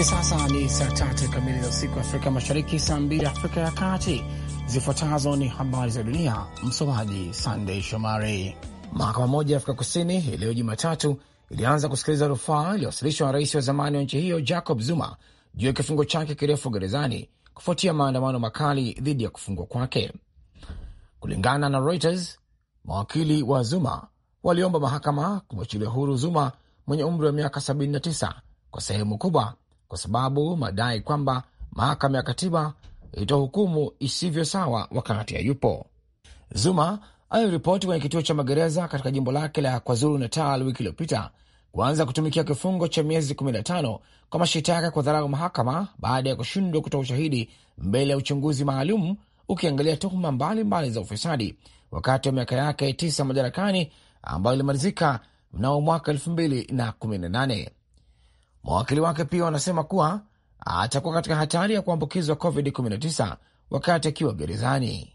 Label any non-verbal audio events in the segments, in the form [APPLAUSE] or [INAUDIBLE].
Hivi sasa ni saa tatu kamili za usiku wa Afrika Mashariki, saa mbili Afrika ya Kati. Zifuatazo ni habari za dunia, msomaji Sandey Shomari. Mahakama moja ya Afrika Kusini hii leo Jumatatu ilianza kusikiliza rufaa iliyowasilishwa na rais wa zamani wa nchi hiyo Jacob Zuma juu ya kifungo chake kirefu gerezani kufuatia maandamano makali dhidi ya kufungwa kwake. Kulingana na Reuters, mawakili wa Zuma waliomba mahakama kumwachilia huru Zuma mwenye umri wa miaka 79 kwa sehemu kubwa kwa sababu madai kwamba mahakama ya katiba ilitoa hukumu isivyo sawa wakati hayupo. Zuma aliripoti kwenye kituo cha magereza katika jimbo lake la KwaZulu Natal wiki iliyopita kuanza kutumikia kifungo cha miezi 15 kwa mashitaka kwa dharau mahakama baada ya kushindwa kutoa ushahidi mbele ya uchunguzi maalum ukiangalia tuhuma mbalimbali za ufisadi wakati wa miaka yake tisa madarakani ambayo ilimalizika mnamo mwaka 2018. Mawakili wake pia wanasema kuwa atakuwa katika hatari ya kuambukizwa COVID-19 wakati akiwa gerezani.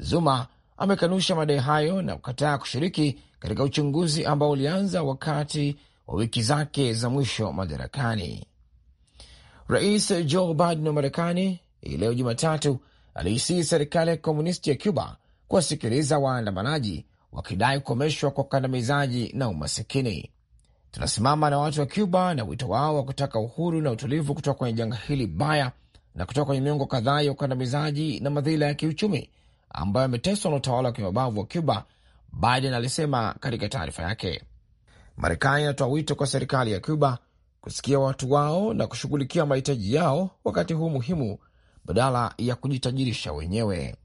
Zuma amekanusha madai hayo na kukataa kushiriki katika uchunguzi ambao ulianza wakati wa wiki zake za mwisho madarakani. Rais Joe Biden wa Marekani hii leo Jumatatu aliisii serikali ya komunisti ya Cuba kuwasikiliza waandamanaji wakidai kukomeshwa kwa ukandamizaji na umasikini. Tunasimama na watu wa Cuba na wito wao wa kutaka uhuru na utulivu kutoka kwenye janga hili baya na kutoka kwenye miongo kadhaa ya ukandamizaji na madhila ya kiuchumi ambayo ameteswa na utawala wa kimabavu wa Cuba, Biden alisema katika taarifa yake. Marekani inatoa wito kwa serikali ya Cuba kusikia watu wao na kushughulikia mahitaji yao wakati huu muhimu, badala ya kujitajirisha wenyewe.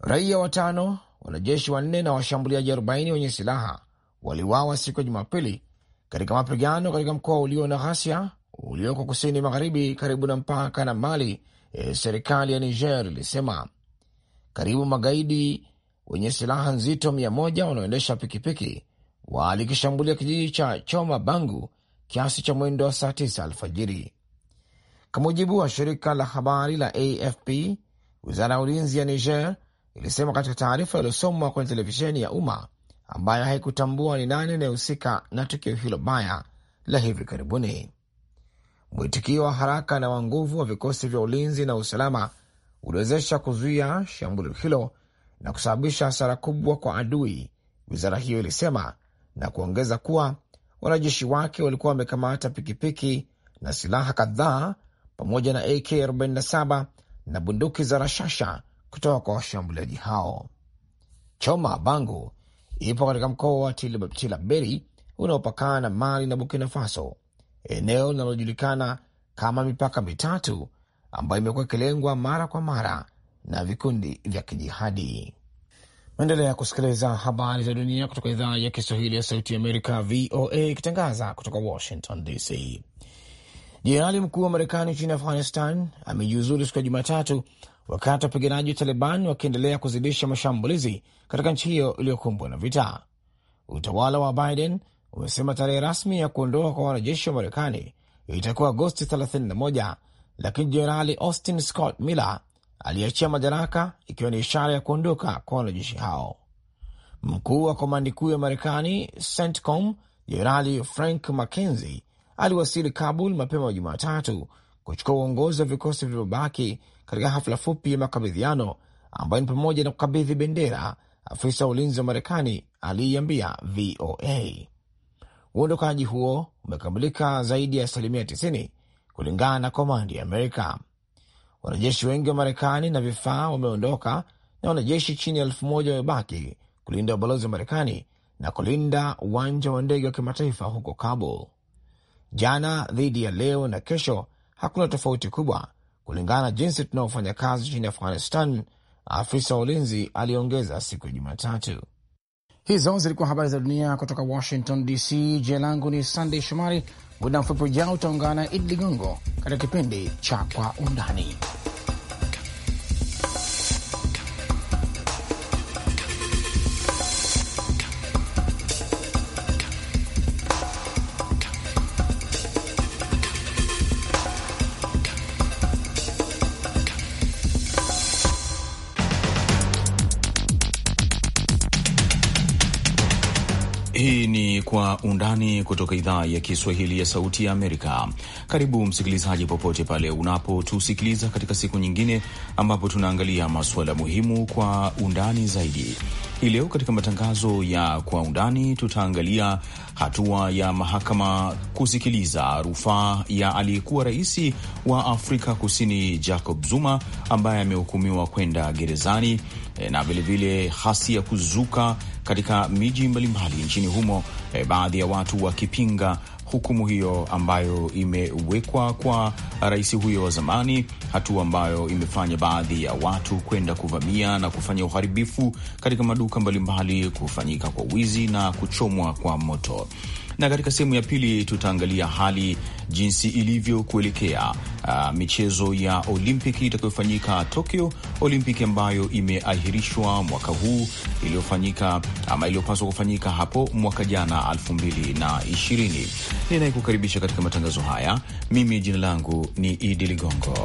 Raia watano, wanajeshi wanne na washambuliaji 40 wenye silaha waliwawa siku ya Jumapili katika mapigano katika mkoa ulio na ghasia ulioko kusini magharibi karibu na mpaka na Mali. E, serikali ya Niger ilisema karibu magaidi wenye silaha nzito mia moja wanaoendesha pikipiki walikishambulia kijiji cha Choma Bangu kiasi cha mwendo wa saa tisa alfajiri, kwa mujibu wa shirika la habari la AFP. Wizara ya ulinzi ya Niger ilisema katika taarifa iliyosomwa kwenye televisheni ya umma ambayo haikutambua ni nani anayehusika na tukio hilo baya la hivi karibuni. Mwitikio wa haraka na wa nguvu wa vikosi vya ulinzi na usalama uliwezesha kuzuia shambulio hilo na kusababisha hasara kubwa kwa adui, wizara hiyo ilisema, na kuongeza kuwa wanajeshi wake walikuwa wamekamata pikipiki na silaha kadhaa pamoja na AK47 na bunduki za rashasha kutoka kwa washambuliaji hao. Choma bangu ipo katika mkoa wa Tilaberi unaopakana na Mali na Burkina Faso, eneo linalojulikana kama mipaka mitatu ambayo imekuwa ikilengwa mara kwa mara na vikundi vya kijihadi. Maendelea kusikiliza habari za dunia kutoka idhaa ya Kiswahili ya Sauti ya Amerika, VOA, ikitangaza kutoka Washington DC. Jenerali mkuu wa Marekani nchini Afghanistan amejiuzulu siku ya Jumatatu wakati wapiganaji wa Taliban wakiendelea kuzidisha mashambulizi katika nchi hiyo iliyokumbwa na vita. Utawala wa Biden umesema tarehe rasmi ya kuondoka kwa wanajeshi wa Marekani itakuwa Agosti 31, lakini Jenerali Austin Scott Miller aliachia madaraka ikiwa ni ishara ya kuondoka kwa wanajeshi hao. Mkuu wa komandi kuu ya Marekani CENTCOM Jenerali Frank McKenzie aliwasili Kabul mapema Jumatatu kuchukua uongozi wa vikosi vilivyobaki katika hafla fupi ya makabidhiano ambayo ni pamoja na kukabidhi bendera. Afisa wa ulinzi wa Marekani aliiambia VOA uondokaji huo umekamilika zaidi ya asilimia 90 kulingana na komandi ya Amerika. Wanajeshi wengi wa Marekani na vifaa wameondoka na wanajeshi chini ya elfu moja wamebaki kulinda ubalozi wa Marekani na kulinda uwanja wa ndege wa kimataifa huko Kabul. Jana dhidi ya leo na kesho hakuna tofauti kubwa kulingana na jinsi tunaofanya kazi nchini Afghanistan, afisa wa ulinzi aliongeza siku ya Jumatatu. Hizo zilikuwa habari za dunia kutoka Washington DC. Jina langu ni Sandey Shomari. Muda mfupi ujao utaungana Idi Ligongo katika kipindi cha Kwa Undani. Undani kutoka idhaa ya Kiswahili ya Sauti ya Amerika. Karibu msikilizaji, popote pale unapotusikiliza katika siku nyingine ambapo tunaangalia masuala muhimu kwa undani zaidi. Hii leo katika matangazo ya Kwa Undani tutaangalia hatua ya mahakama kusikiliza rufaa ya aliyekuwa rais wa Afrika Kusini Jacob Zuma ambaye amehukumiwa kwenda gerezani, eh, na vilevile hasi ya kuzuka katika miji mbalimbali nchini humo, e, baadhi ya watu wakipinga hukumu hiyo ambayo imewekwa kwa rais huyo wa zamani, hatua ambayo imefanya baadhi ya watu kwenda kuvamia na kufanya uharibifu katika maduka mbalimbali, kufanyika kwa wizi na kuchomwa kwa moto na katika sehemu ya pili tutaangalia hali jinsi ilivyokuelekea uh, michezo ya Olimpiki itakayofanyika Tokyo, Olimpiki ambayo imeahirishwa mwaka huu iliyofanyika ama iliyopaswa kufanyika hapo mwaka jana elfu mbili na ishirini. Ninayekukaribisha katika matangazo haya mimi jina langu ni Idi Ligongo.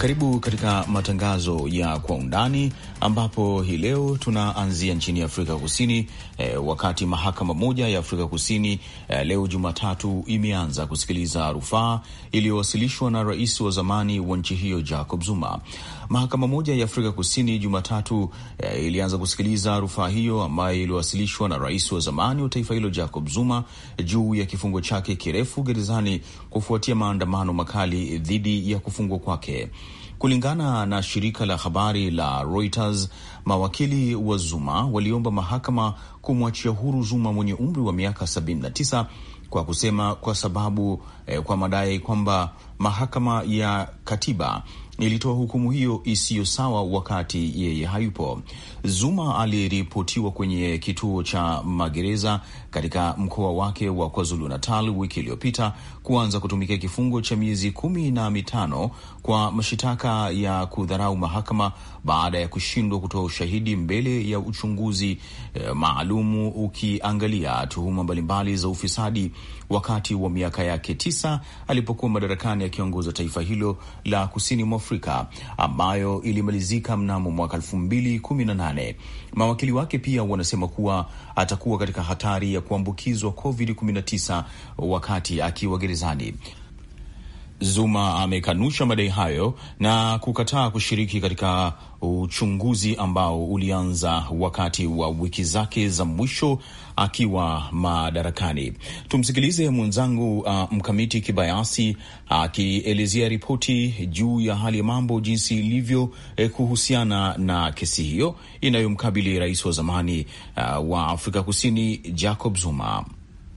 Karibu katika matangazo ya kwa undani ambapo hii leo tunaanzia nchini Afrika Kusini eh, wakati mahakama moja ya Afrika Kusini eh, leo Jumatatu imeanza kusikiliza rufaa iliyowasilishwa na rais wa zamani wa nchi hiyo Jacob Zuma. Mahakama moja ya Afrika Kusini Jumatatu eh, ilianza kusikiliza rufaa hiyo ambayo iliwasilishwa na rais wa zamani wa taifa hilo Jacob Zuma juu ya kifungo chake kirefu gerezani kufuatia maandamano makali dhidi ya kufungwa kwake. Kulingana na shirika la habari la Reuters, mawakili wa Zuma waliomba mahakama kumwachia huru Zuma mwenye umri wa miaka 79 kwa kusema kwa sababu eh, kwa madai kwamba mahakama ya katiba ilitoa hukumu hiyo isiyo sawa wakati yeye hayupo. Zuma aliripotiwa kwenye kituo cha magereza katika mkoa wake wa KwaZulu Natal wiki iliyopita kuanza kutumikia kifungo cha miezi kumi na mitano kwa mashitaka ya kudharau mahakama baada ya kushindwa kutoa ushahidi mbele ya uchunguzi e, maalumu ukiangalia tuhuma mbalimbali za ufisadi wakati wa miaka yake tisa alipokuwa madarakani akiongoza taifa hilo la kusini mwa Afrika ambayo ilimalizika mnamo mwaka elfu mbili kumi na nane. Mawakili wake pia wanasema kuwa atakuwa katika hatari ya kuambukizwa COVID-19 wakati akiwa gerezani. Zuma amekanusha madai hayo na kukataa kushiriki katika uchunguzi ambao ulianza wakati wa wiki zake za mwisho akiwa madarakani. Tumsikilize mwenzangu uh, Mkamiti Kibayasi akielezea uh, ripoti juu ya hali ya mambo jinsi ilivyo, eh, kuhusiana na kesi hiyo inayomkabili rais wa zamani uh, wa Afrika Kusini Jacob Zuma.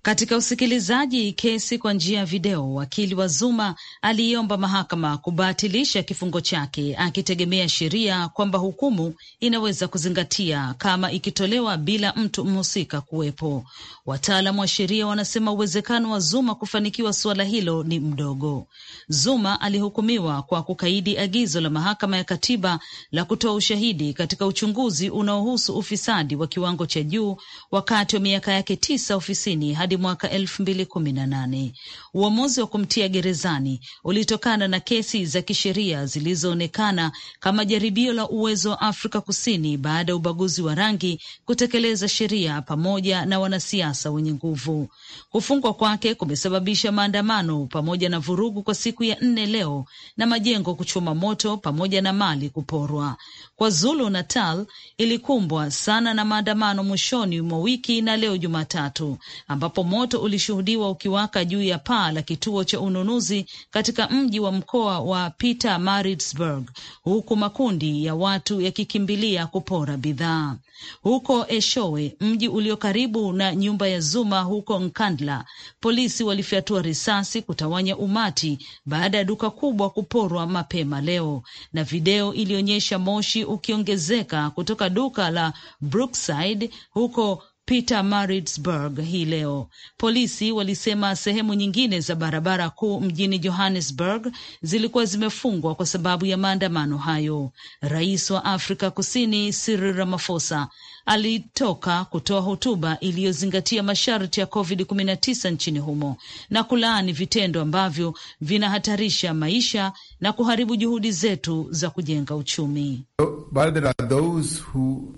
Katika usikilizaji kesi kwa njia ya video, wakili wa Zuma aliiomba mahakama kubatilisha kifungo chake akitegemea sheria kwamba hukumu inaweza kuzingatia kama ikitolewa bila mtu mhusika kuwepo. Wataalamu wa sheria wanasema uwezekano wa Zuma kufanikiwa suala hilo ni mdogo. Zuma alihukumiwa kwa kukaidi agizo la mahakama ya katiba la kutoa ushahidi katika uchunguzi unaohusu ufisadi wa kiwango cha juu wakati wa miaka yake tisa ofisini hadi hadi mwaka elfu mbili kumi na nane. Uamuzi wa kumtia gerezani ulitokana na kesi za kisheria zilizoonekana kama jaribio la uwezo wa Afrika Kusini baada ya ubaguzi wa rangi kutekeleza sheria pamoja na wanasiasa wenye nguvu. Kufungwa kwake kumesababisha maandamano pamoja na vurugu kwa siku ya nne leo na majengo kuchoma moto pamoja na mali kuporwa. KwaZulu Natal ilikumbwa sana na maandamano mwishoni mwa wiki na leo Jumatatu, ambapo moto ulishuhudiwa ukiwaka juu ya paa la kituo cha ununuzi katika mji wa mkoa wa Peter Maritzburg, huku makundi ya watu yakikimbilia kupora bidhaa. Huko Eshowe, mji ulio karibu na nyumba ya Zuma huko Nkandla, polisi walifyatua risasi kutawanya umati baada ya duka kubwa kuporwa mapema leo, na video ilionyesha moshi ukiongezeka kutoka duka la Brookside huko peter maritsburg hii leo. Polisi walisema sehemu nyingine za barabara kuu mjini Johannesburg zilikuwa zimefungwa kwa sababu ya maandamano hayo. Rais wa Afrika Kusini Cyril Ramaphosa alitoka kutoa hotuba iliyozingatia masharti ya COVID-19 nchini humo na kulaani vitendo ambavyo vinahatarisha maisha na kuharibu juhudi zetu za kujenga uchumi. So,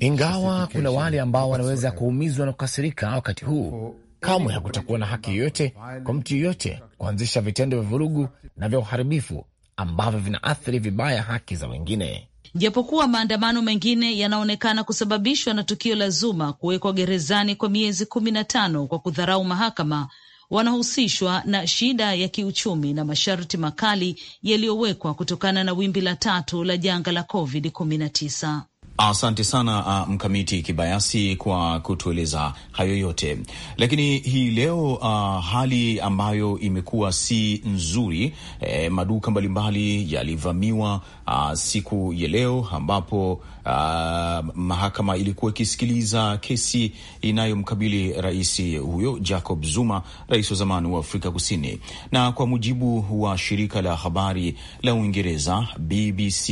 ingawa kuna wale ambao wanaweza kuumizwa na kukasirika wakati huu, kamwe hakutakuwa na haki yoyote kwa mtu yoyote kuanzisha vitendo vya vurugu na vya uharibifu ambavyo vinaathiri vibaya haki za wengine. Japokuwa maandamano mengine yanaonekana kusababishwa na tukio la Zuma kuwekwa gerezani kwa miezi kumi na tano kwa kudharau mahakama, wanahusishwa na shida ya kiuchumi na masharti makali yaliyowekwa kutokana na wimbi la tatu la janga la COVID-19. Asante sana uh, Mkamiti Kibayasi kwa kutueleza hayo yote. Lakini hii leo uh, hali ambayo imekuwa si nzuri eh, maduka mbalimbali yalivamiwa uh, siku ya leo ambapo uh, mahakama ilikuwa ikisikiliza kesi inayomkabili rais huyo Jacob Zuma, rais wa zamani wa Afrika Kusini. Na kwa mujibu wa shirika la habari la Uingereza BBC,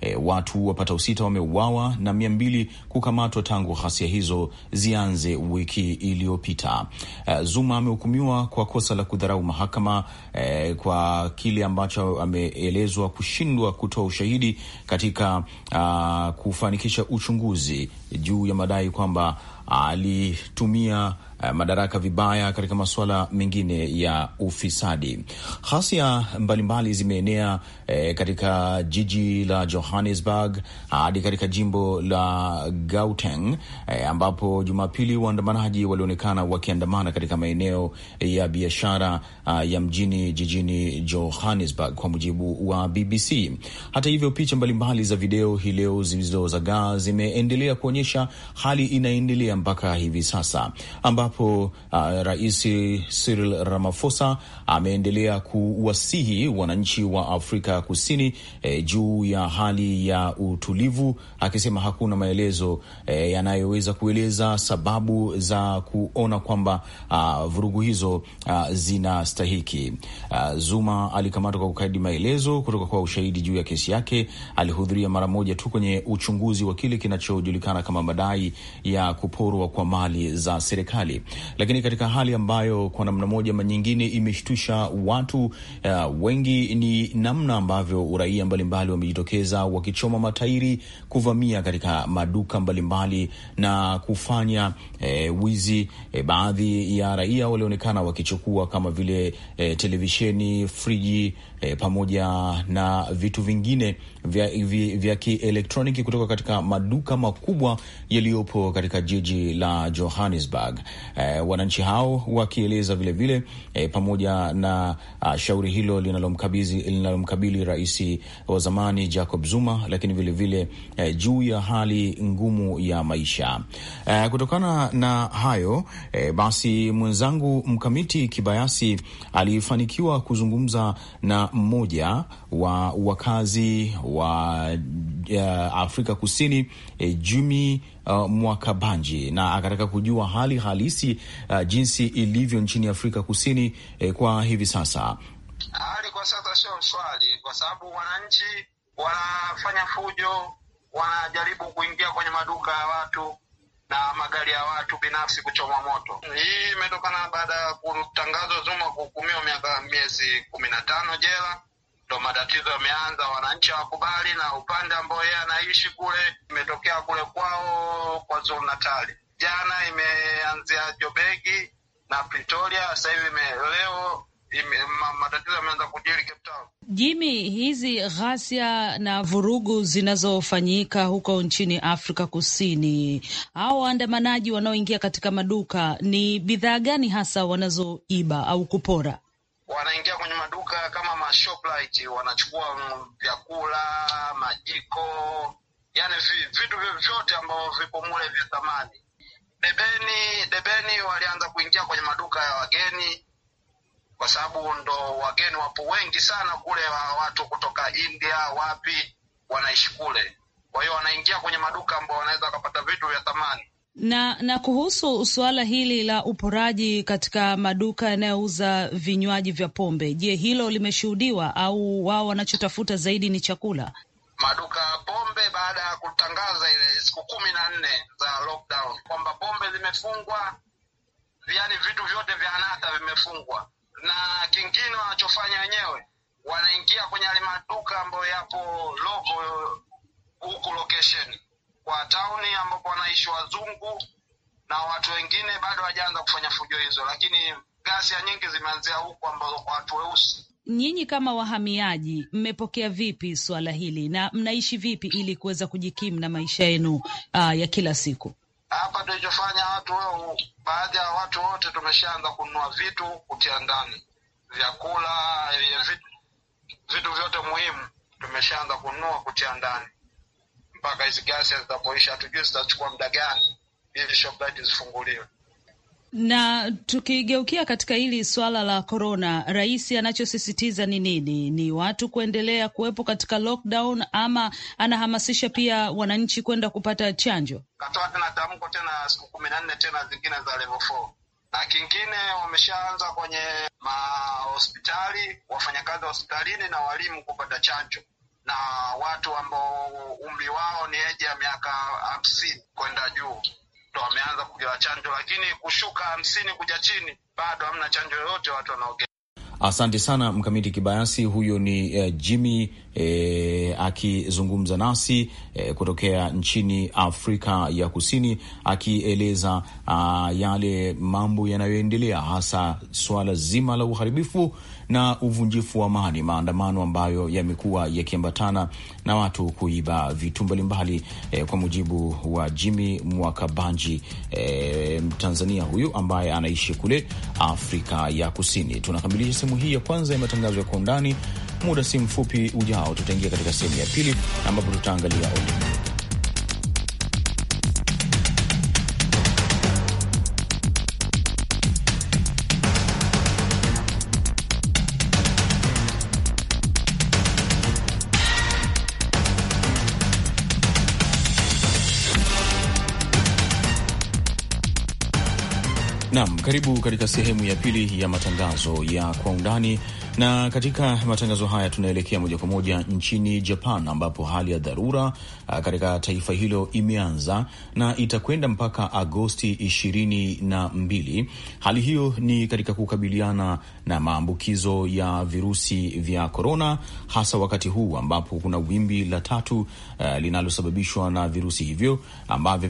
eh, watu wapatao sita wameuawa na mia mbili kukamatwa tangu ghasia hizo zianze wiki iliyopita. Uh, Zuma amehukumiwa kwa kosa la kudharau mahakama eh, kwa kile ambacho ameelezwa kushindwa kutoa ushahidi katika uh, kufanikisha uchunguzi juu ya madai kwamba alitumia eh, madaraka vibaya katika masuala mengine ya ufisadi. Ghasia mbalimbali zimeenea eh, katika jiji la Johannesburg hadi katika jimbo la Gauteng eh, ambapo Jumapili waandamanaji walionekana wakiandamana katika maeneo ya biashara uh, ya mjini jijini Johannesburg, kwa mujibu wa BBC. Hata hivyo, picha mbalimbali za video hii leo zilizozagaa zimeendelea kuonyesha hali inaendelea mpaka hivi sasa, ambapo uh, Rais Cyril Ramaphosa ameendelea kuwasihi wananchi wa Afrika Kusini eh, juu ya hali ya utulivu, akisema hakuna maelezo eh, yanayoweza kueleza sababu za kuona kwamba uh, vurugu hizo uh, zina stahiki. Uh, ah, Zuma alikamatwa kwa kukaidi maelezo kutoka kwa ushahidi juu ya kesi yake. Alihudhuria mara moja tu kwenye uchunguzi wa kile kinachojulikana kama madai ya kuporwa kwa mali za serikali, lakini katika hali ambayo kwa namna moja ama nyingine imeshtusha watu uh, wengi, ni namna ambavyo uraia mbalimbali wamejitokeza wakichoma matairi, kuvamia katika maduka mbalimbali mbali, na kufanya eh, wizi eh, baadhi ya raia walionekana wakichukua kama vile eh, televisheni, friji e, pamoja na vitu vingine vya, vya, vya kielektroniki kutoka katika maduka makubwa yaliyopo katika jiji la Johannesburg. E, wananchi hao wakieleza vilevile e, eh, pamoja na a, ah, shauri hilo linalomkabili linalomkabili rais wa zamani Jacob Zuma, lakini vilevile e, juu ya hali ngumu ya maisha e, kutokana na hayo e, basi mwenzangu mkamiti Kibayasi alifanikiwa kuzungumza na mmoja wa wakazi wa uh, Afrika Kusini eh, Jumi uh, Mwakabanji, na akataka kujua hali halisi uh, jinsi ilivyo nchini Afrika Kusini eh, kwa hivi sasa. Hali kwa sasa sio swali, kwa sababu wananchi wanafanya fujo, wanajaribu kuingia kwenye maduka ya watu na magari ya watu binafsi kuchoma moto. Hii imetokana baada ya kutangazwa Zuma kuhukumiwa miaka miezi kumi na tano jela. Ndo matatizo yameanza, wananchi hawakubali na upande ambao yeye anaishi kule, imetokea kule kwao kwa Zulu Natali. Jana imeanzia Jobegi na Pretoria, sasa hivi leo matatizo yameanza kujiri Cape Town. Jimi, hizi ghasia na vurugu zinazofanyika huko nchini Afrika Kusini, hao waandamanaji wanaoingia katika maduka, ni bidhaa gani hasa wanazoiba au kupora? Wanaingia kwenye maduka kama mashoplite, wanachukua vyakula, majiko, yani vitu vyote ambavyo vipo mule vya thamani. Debeni, debeni walianza kuingia kwenye maduka ya wageni kwa sababu ndo wageni wapo wengi sana kule, wa watu kutoka India wapi wanaishi kule, kwa hiyo wanaingia kwenye maduka ambao wanaweza wakapata vitu vya thamani na na kuhusu suala hili la uporaji katika maduka yanayouza vinywaji vya pombe, je, hilo limeshuhudiwa au wao wanachotafuta zaidi ni chakula? Maduka ya pombe baada ya kutangaza ile siku kumi na nne za lockdown kwamba pombe zimefungwa, yani vitu vyote vya anasa vimefungwa, na kingine wanachofanya wenyewe, wanaingia kwenye yale maduka ambayo yapo logo huku location kwa tauni ambapo wanaishi wazungu na watu wengine, bado hawajaanza kufanya fujo hizo, lakini ghasia nyingi zimeanzia huku ambazo kwa watu weusi. Nyinyi kama wahamiaji mmepokea vipi swala hili na mnaishi vipi ili kuweza kujikimu na maisha yenu uh, ya kila siku? hapa tulichofanya watu wao, baadhi ya watu wote tumeshaanza kununua vitu kutia ndani, vyakula, eh, vitu, vitu vyote muhimu tumeshaanza kununua kutia ndani mpaka hizi gasi zitapoisha. Hatujui zitachukua muda gani ili shoprite zifunguliwe. Na tukigeukia katika hili swala la korona, rais anachosisitiza ni nini? Ni watu kuendelea kuwepo katika lockdown, ama anahamasisha pia wananchi kwenda kupata chanjo? Katoa tena tamko tena siku kumi na nne tena zingine za level four na kingine wameshaanza kwenye mahospitali, wafanyakazi wa hospitalini na walimu kupata chanjo, na watu ambao umri wao ni eji ya miaka hamsini kwenda juu watoto wameanza kupewa chanjo, lakini kushuka hamsini kuja chini bado hamna chanjo yoyote, watu wanaogea. Asante sana Mkamiti Kibayasi. Huyo ni uh, Jimmy e, akizungumza nasi e, kutokea nchini Afrika ya Kusini akieleza uh, yale mambo yanayoendelea hasa suala zima la uharibifu na uvunjifu wa amani, maandamano ambayo yamekuwa yakiambatana na watu kuiba vitu mbalimbali eh, kwa mujibu wa Jimmy Mwakabanji eh, Tanzania huyu ambaye anaishi kule Afrika ya Kusini. Tunakamilisha sehemu hii ya kwanza ya matangazo ya kwa undani. Muda si mfupi ujao, tutaingia katika sehemu ya pili ambapo tutaangalia Karibu katika sehemu ya pili ya matangazo ya kwa undani na katika matangazo haya tunaelekea moja kwa moja nchini Japan, ambapo hali ya dharura ah, katika taifa hilo imeanza na itakwenda mpaka Agosti ishirini na mbili. Hali hiyo ni katika kukabiliana na maambukizo ya virusi vya korona, hasa wakati huu ambapo kuna wimbi la tatu uh, linalosababishwa na virusi hivyo ambavyo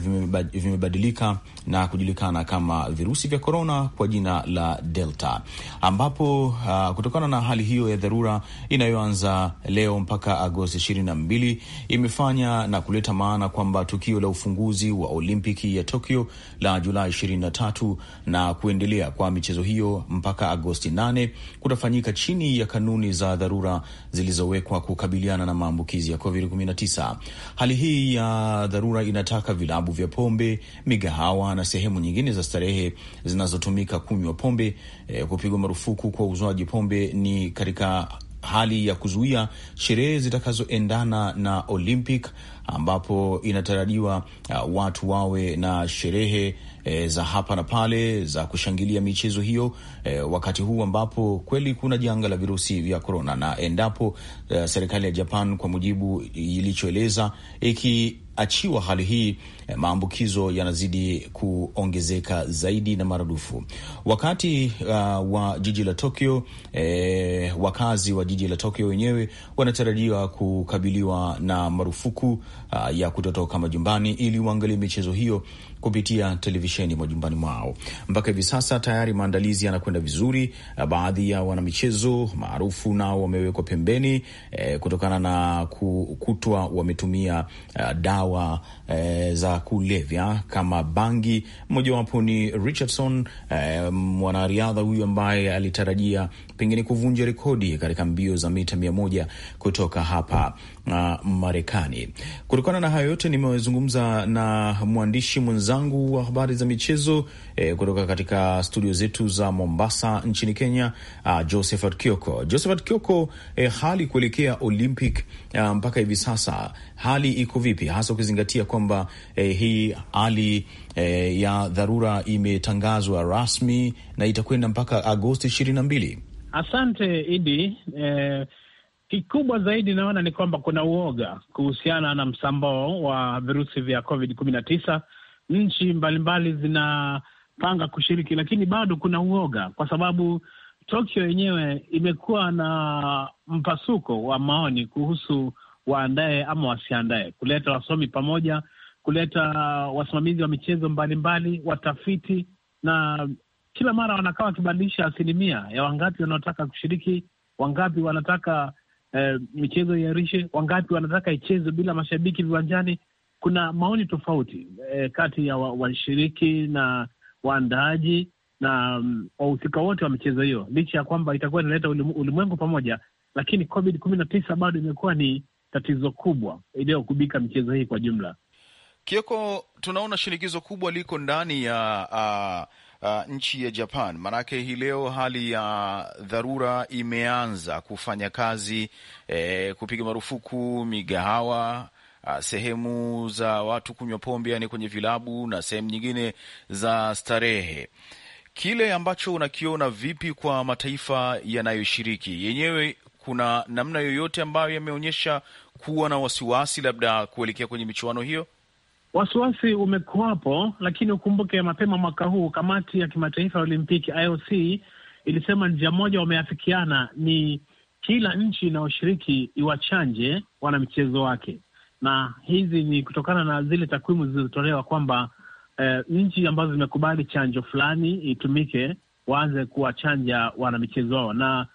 vimebadilika na kujulikana kama virusi vya korona kwa jina la Delta, ambapo uh, kutokana na hali hiyo ya dharura inayoanza leo mpaka Agosti ishirini na mbili imefanya na kuleta maana kwamba tukio la ufunguzi wa Olimpiki ya Tokyo la Julai ishirini na tatu na kuendelea kwa michezo hiyo mpaka Agosti nane kutafanyika chini ya kanuni za dharura zilizowekwa kukabiliana na maambukizi ya COVID-19. Hali hii ya dharura inataka vilabu vya pombe, migahawa na sehemu nyingine za starehe zinazotumika kunywa pombe eh, kupigwa marufuku kwa uzwaji pombe ni ni katika hali ya kuzuia sherehe zitakazoendana na Olympic ambapo inatarajiwa uh, watu wawe na sherehe e, za hapa na pale za kushangilia michezo hiyo e, wakati huu ambapo kweli kuna janga la virusi vya korona, na endapo uh, serikali ya Japan kwa mujibu ilichoeleza iki achiwa hali hii, eh, maambukizo yanazidi kuongezeka zaidi na maradufu. Wakati uh, wa jiji la Tokyo eh, wakazi wa jiji la Tokyo wenyewe wanatarajiwa kukabiliwa na marufuku uh, ya kutotoka majumbani ili waangalie michezo hiyo kupitia televisheni majumbani mwao. Mpaka hivi sasa tayari maandalizi yanakwenda vizuri. Uh, baadhi ya wanamichezo maarufu nao wamewekwa pembeni eh, kutokana na kukutwa wametumia uh, dawa dawa e, za kulevya kama bangi. Mojawapo ni Richardson e, mwanariadha huyu ambaye alitarajia pengine kuvunja rekodi katika mbio za mita mia moja kutoka hapa uh, Marekani. Kutokana na hayo yote, nimezungumza na mwandishi mwenzangu wa habari za michezo eh, kutoka katika studio zetu za Mombasa nchini Kenya, uh, Josephat Kioko. Josephat Kioko, eh, hali kuelekea Olympic uh, mpaka hivi sasa hali iko vipi, hasa ukizingatia kwamba eh, hii hali eh, ya dharura imetangazwa rasmi na itakwenda mpaka Agosti ishirini na mbili? Asante Idi. Eh, Kikubwa zaidi naona ni kwamba kuna uoga kuhusiana na msambao wa virusi vya COVID kumi na tisa. Nchi mbalimbali zinapanga kushiriki, lakini bado kuna uoga kwa sababu Tokyo yenyewe imekuwa na mpasuko wa maoni kuhusu waandae ama wasiandae, kuleta wasomi pamoja, kuleta wasimamizi wa michezo mbalimbali, watafiti, na kila mara wanakaa wakibadilisha asilimia ya wangapi wanaotaka kushiriki, wangapi wanataka eh, michezo iarishe wangapi wanataka ichezo bila mashabiki viwanjani. Kuna maoni tofauti eh, kati ya washiriki wa na waandaaji na mm, wahusika um, wote wa michezo hiyo, licha ya kwamba itakuwa inaleta ulimwengu pamoja, lakini COVID kumi na tisa bado imekuwa ni tatizo kubwa iliyokubika michezo hii kwa jumla. Kioko, tunaona shinikizo kubwa liko ndani ya uh uh, nchi ya Japan, maanake hii leo hali ya dharura imeanza kufanya kazi eh, kupiga marufuku migahawa Uh, sehemu za watu kunywa pombe yani kwenye vilabu na sehemu nyingine za starehe. Kile ambacho unakiona vipi kwa mataifa yanayoshiriki yenyewe, kuna namna yoyote ambayo yameonyesha kuwa na wasiwasi labda kuelekea kwenye michuano hiyo? Wasiwasi umekuwapo, lakini ukumbuke, mapema mwaka huu kamati ya kimataifa ya Olimpiki IOC ilisema njia moja wameafikiana ni kila nchi inayoshiriki iwachanje wanamchezo wake, na hizi ni kutokana na zile takwimu zilizotolewa kwamba eh, nchi ambazo zimekubali chanjo fulani itumike waanze kuwachanja wanamichezo wao, na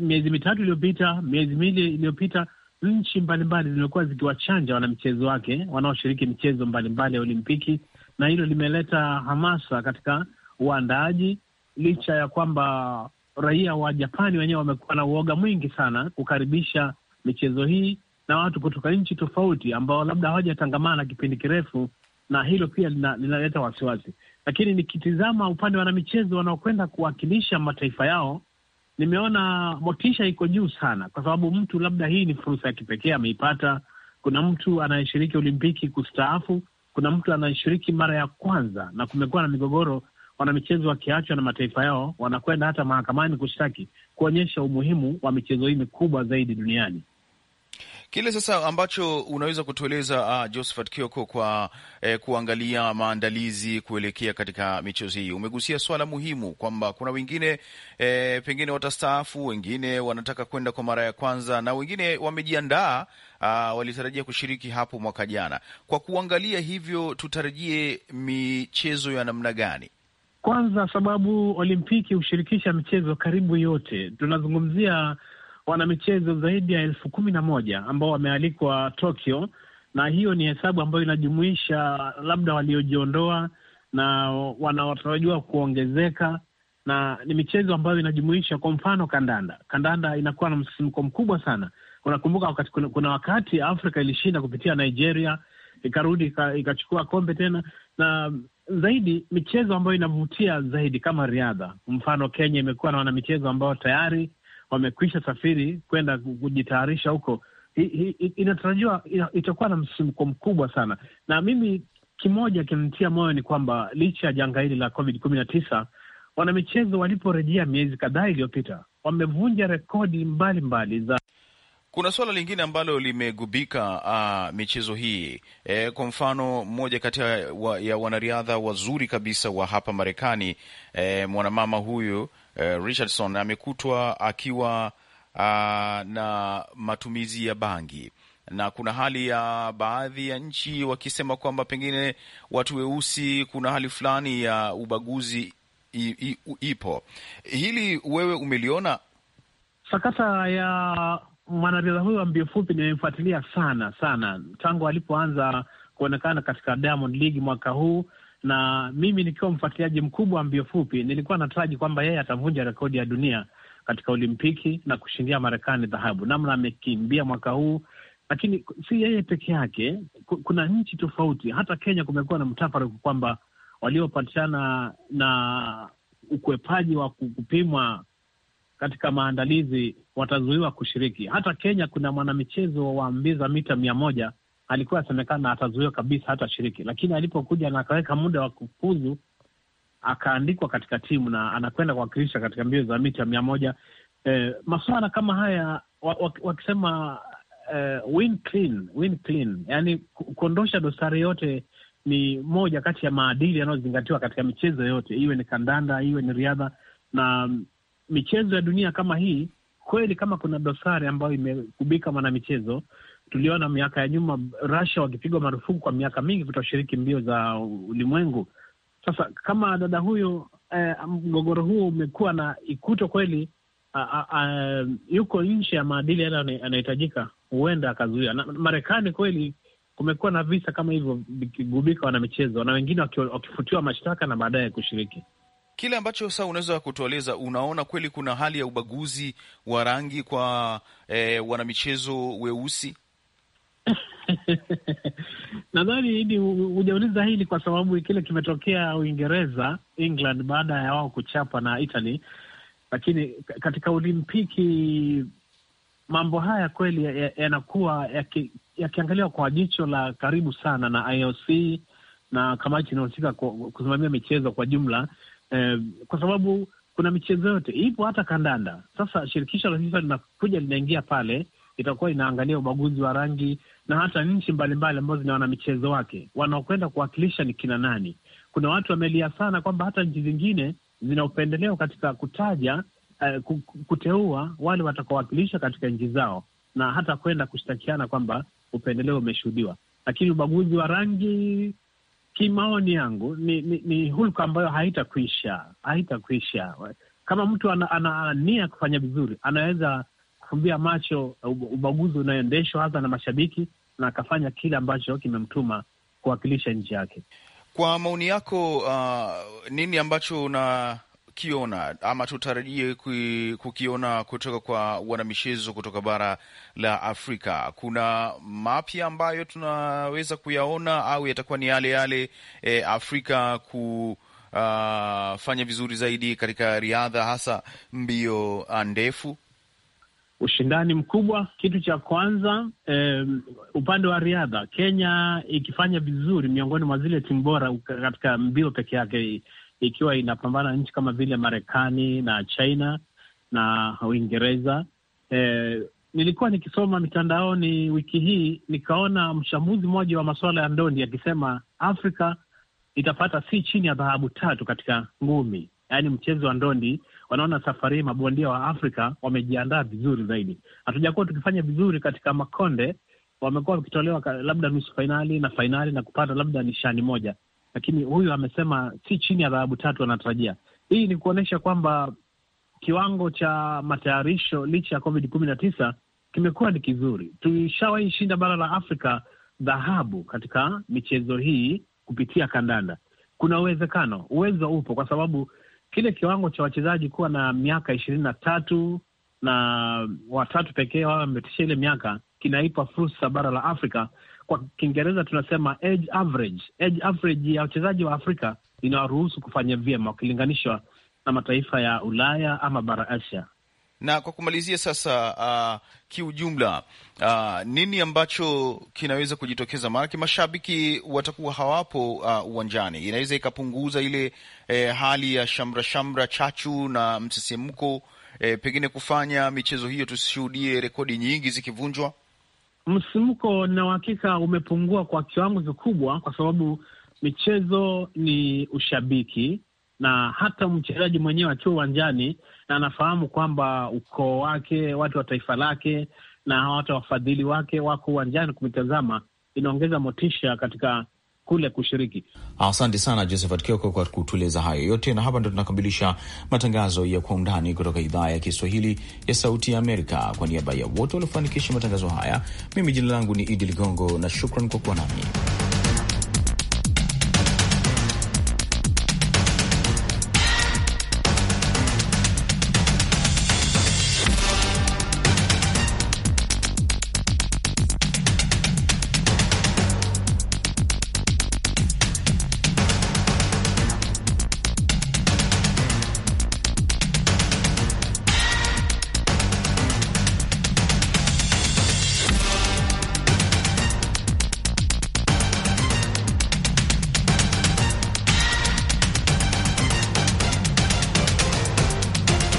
miezi mitatu iliyopita, miezi miwili iliyopita nchi mbalimbali zimekuwa zikiwachanja wanamchezo wake wanaoshiriki michezo mbalimbali ya Olimpiki, na hilo limeleta hamasa katika uandaaji, licha ya kwamba raia wa Japani wenyewe wamekuwa na uoga mwingi sana kukaribisha michezo hii na watu kutoka nchi tofauti ambao labda hawajatangamana kipindi kirefu, na hilo pia linaleta lina wasiwasi. Lakini nikitizama upande wa wanamichezo wanaokwenda kuwakilisha mataifa yao nimeona motisha iko juu sana, kwa sababu mtu labda hii ni fursa ya kipekee ameipata. Kuna mtu anayeshiriki Olimpiki kustaafu, kuna mtu anayeshiriki mara ya kwanza, na kumekuwa na migogoro, wanamichezo wakiachwa na mataifa yao wanakwenda hata mahakamani kushtaki, kuonyesha umuhimu wa michezo hii mikubwa zaidi duniani. Kile sasa ambacho unaweza kutueleza uh, Josephat Kioko kwa eh, kuangalia maandalizi kuelekea katika michezo hii. Umegusia swala muhimu kwamba kuna wengine eh, pengine watastaafu, wengine wanataka kwenda kwa mara ya kwanza na wengine wamejiandaa, uh, walitarajia kushiriki hapo mwaka jana. Kwa kuangalia hivyo, tutarajie michezo ya namna gani? Kwanza, sababu Olimpiki hushirikisha michezo karibu yote, tunazungumzia wanamichezo zaidi ya elfu kumi na moja ambao wamealikwa Tokyo, na hiyo ni hesabu ambayo inajumuisha labda waliojiondoa na wanaotarajiwa kuongezeka, na ni michezo ambayo inajumuisha kwa mfano kandanda. Kandanda inakuwa na msisimko mkubwa sana. Unakumbuka wakati, kuna wakati Afrika ilishinda kupitia Nigeria ikarudi ikachukua kombe tena, na zaidi michezo ambayo inavutia zaidi kama riadha. Mfano Kenya imekuwa na wanamichezo ambao tayari wamekwisha safiri kwenda kujitayarisha huko, inatarajiwa itakuwa na msisimko mkubwa sana. Na mimi kimoja kinatia moyo ni kwamba licha ya janga hili la COVID kumi na tisa, wanamichezo waliporejea miezi kadhaa iliyopita wamevunja rekodi mbalimbali za kuna suala lingine ambalo limegubika uh, michezo hii e, kwa mfano mmoja kati ya wanariadha wazuri kabisa wa hapa Marekani e, mwanamama huyu Eh, Richardson amekutwa akiwa uh, na matumizi ya bangi na kuna hali ya baadhi ya nchi wakisema kwamba pengine watu weusi, kuna hali fulani ya ubaguzi i, i, ipo. Hili wewe umeliona? Sakata ya mwanariadha huyo wa mbio fupi nimemfuatilia sana sana tangu alipoanza kuonekana katika Diamond League mwaka huu na mimi nikiwa mfuatiliaji mkubwa wa mbio fupi nilikuwa nataraji kwamba yeye atavunja rekodi ya dunia katika Olimpiki na kushindia Marekani dhahabu, namna amekimbia mwaka huu. Lakini si yeye peke yake, kuna nchi tofauti. Hata Kenya kumekuwa na mtafaruku kwamba waliopatikana na ukwepaji wa kupimwa katika maandalizi watazuiwa kushiriki. Hata Kenya kuna mwanamichezo wa mbio za mita mia moja alikuwa asemekana atazuiwa kabisa hata shiriki, lakini alipokuja na akaweka muda wa kufuzu akaandikwa katika timu na anakwenda kuwakilisha katika mbio za mita mia moja. Eh, maswala kama haya wakisema eh, win clean, win clean, yani kuondosha dosari yote ni moja kati ya maadili yanayozingatiwa katika michezo yote, iwe ni kandanda, iwe ni riadha na mm, michezo ya dunia kama hii. Kweli kama kuna dosari ambayo imekubika mwanamichezo tuliona miaka ya nyuma Russia wakipigwa marufuku kwa miaka mingi kutoshiriki mbio za ulimwengu. Sasa kama dada huyu eh, mgogoro huo umekuwa na ikuto kweli, a, a, yuko nje ya maadili yale yanahitajika, huenda akazuia. Na Marekani kweli kumekuwa na visa kama hivyo vikigubika wanamichezo na wengine wakifutiwa mashtaka na baadaye kushiriki kile ambacho sasa unaweza kutueleza, unaona kweli kuna hali ya ubaguzi wa rangi kwa eh, wanamichezo weusi? [LAUGHS] Nadhani hili hujauliza hili kwa sababu kile kimetokea Uingereza, England, baada ya wao kuchapa na Italy. Lakini katika Olimpiki mambo haya kweli yanakuwa ya, ya yakiangaliwa kwa jicho la karibu sana na IOC na kamati inayohusika kusimamia michezo kwa jumla eh, kwa sababu kuna michezo yote ipo hata kandanda. Sasa shirikisho la FIFA linakuja linaingia pale itakuwa inaangalia ubaguzi wa rangi na hata nchi mbalimbali ambazo zina wanamichezo wake wanaokwenda kuwakilisha ni kina nani. Kuna watu wamelia sana kwamba hata nchi zingine zina upendeleo katika kutaja uh, kuteua wale watakaowakilisha katika nchi zao na hata kwenda kushtakiana kwamba upendeleo umeshuhudiwa, lakini ubaguzi wa rangi kimaoni yangu ni, ni, ni hulka ambayo haitakuisha, haitakuisha. Kama mtu ana, ana, ana nia kufanya vizuri, anaweza kufumbia macho uh, ubaguzi unaoendeshwa hasa na mashabiki, na akafanya kile ambacho kimemtuma kuwakilisha nchi yake. Kwa maoni yako, uh, nini ambacho unakiona ama tutarajie kukiona kutoka kwa wanamichezo kutoka bara la Afrika? Kuna mapya ambayo tunaweza kuyaona au yatakuwa ni yale yale, eh, Afrika ku Uh, fanya vizuri zaidi katika riadha hasa mbio uh, ndefu ushindani mkubwa. Kitu cha kwanza eh, upande wa riadha, Kenya ikifanya vizuri miongoni mwa zile timu bora katika mbio peke yake, ikiwa inapambana nchi kama vile Marekani na China na Uingereza. Eh, nilikuwa nikisoma mitandaoni wiki hii nikaona mchambuzi mmoja wa masuala ya ndondi akisema Afrika itapata si chini ya dhahabu tatu katika ngumi, yaani mchezo wa ndondi wanaona safari hii mabondia wa Afrika wamejiandaa vizuri zaidi. Hatujakuwa tukifanya vizuri katika makonde, wamekuwa wakitolewa labda nusu fainali na fainali na kupata labda nishani moja, lakini huyu amesema si chini ya dhahabu tatu anatarajia. Hii ni kuonyesha kwamba kiwango cha matayarisho licha ya Covid kumi na tisa kimekuwa ni kizuri. Tulishawahi shinda bara la Afrika dhahabu katika michezo hii kupitia kandanda. Kuna uwezekano, uwezo upo, kwa sababu kile kiwango cha wachezaji kuwa na miaka ishirini na tatu na watatu pekee wao wametisha ile miaka kinaipa fursa bara la Afrika. Kwa Kiingereza tunasema age average. Age average ya wachezaji wa Afrika inawaruhusu kufanya vyema wakilinganishwa na mataifa ya Ulaya ama bara Asia. Na kwa kumalizia sasa, uh, kiujumla, uh, nini ambacho kinaweza kujitokeza? Maanake mashabiki watakuwa hawapo ah, uwanjani, uh, inaweza ikapunguza ile eh, hali ya shamra shamra, chachu na msisimko eh, pengine kufanya michezo hiyo tusishuhudie rekodi nyingi zikivunjwa. Msisimko na uhakika umepungua kwa kiwango kikubwa, kwa sababu michezo ni ushabiki na hata mchezaji mwenyewe akiwa uwanjani na anafahamu kwamba ukoo wake, watu wa taifa lake na hata wafadhili wake wako uwanjani kumtazama, inaongeza motisha katika kule kushiriki. Asante sana Josephat Kioko kwa kutueleza hayo yote, na hapa ndo tunakamilisha matangazo ya Kwa Undani kutoka idhaa ya Kiswahili ya Sauti ya Amerika. Kwa niaba ya wote waliofanikisha matangazo haya, mimi jina langu ni Idi Ligongo na shukran kwa kuwa nami.